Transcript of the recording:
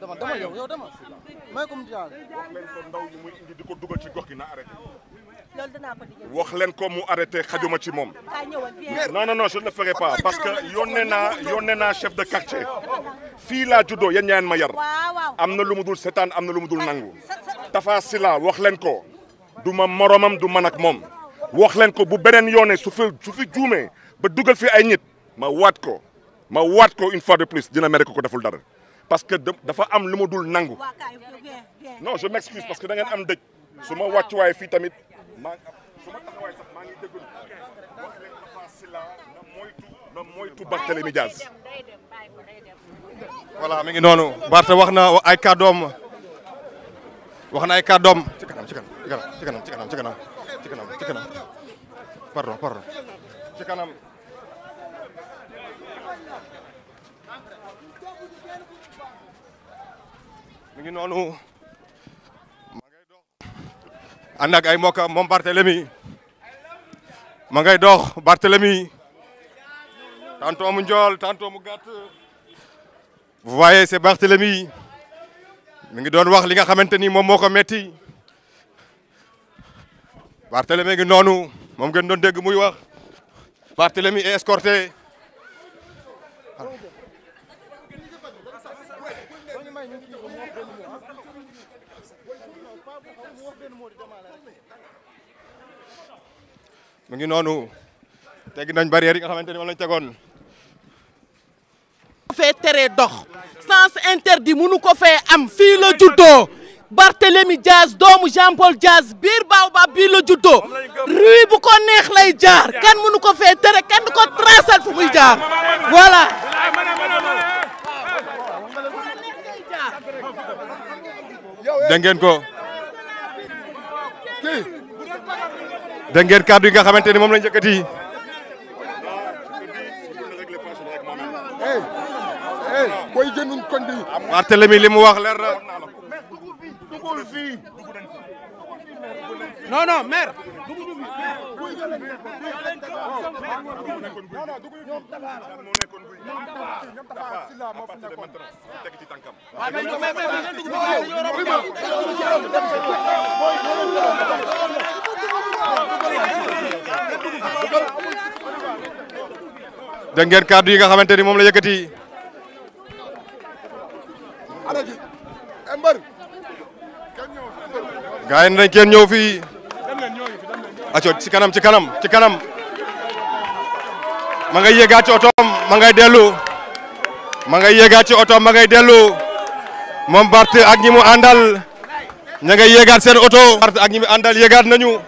dama dama ko ndaw yi muy indi gi na wax leen ko mu arrêté xajuma ci moom. non non non je fexe le pas parce que yónnee naa naa chef de quartier. fii laa juddoo yan ñaan ma yar. am na lu mu dul seetaan am na lu mu dul nangu. Tafa Sylla wax leen ko. du ma moromam du man ak moom. wax leen ko bu beneen yoonee su fi juume ba dugal fi ay nit ma waat ko ma waat ko une fois de plus dina mere ko ko deful dara. parce que dafa am lu ma dul nangu non je m'excuse parce que dangeen am dëj su ma wàccuwaay fii tamit maa su ma taxawaay sax wax na noonu Barthé wax ay kàddoom wax na ay kàddoom ci mi ngi noonu ma ngay dox ànd ay moka moom Barthélemy ma ngay dox Barthélemy tantôt mu njool tantôt mu gàtt vous voyez c'est Barthélemy mi ngi doon wax li nga xamante ni moom moo ko metti Barthélemy ngi noonu moom ngeen doon dégg muy wax Barthélemy est escorté mu ngi noonu teggi nañ barrière yi nga xamante ni moom lañ tegoon. fee teree dox sens interdit munu ko fee am fii la juddoo Barthélemy Diaz doomu Jean Paul Diaz biir Baobab bii la juddoo rue bu ko neex lay jaar kan munu ko fee tere kenn ko tracer fu muy jaar voilà. dégg ko. dégg ngeen kàddu yi nga xamante ni moom lañ njëkkati yi boy jënun kondi Barthélemy li mu wax leer na non non maire. dégg ngeen kàddu yi nga xamante ni moom la yëkkati. gaa yi dañ kenn ñëw fii ci kanam ci kanam ci kanam ma ngay yéegaat ci otoom ma ngay dellu ma ngay yéegaat ci otoom ma ngay dellu moom Bart ak ñi mu àndal ña ngay yéegaat seen oto Bart ak ñi mu àndal yéegaat nañu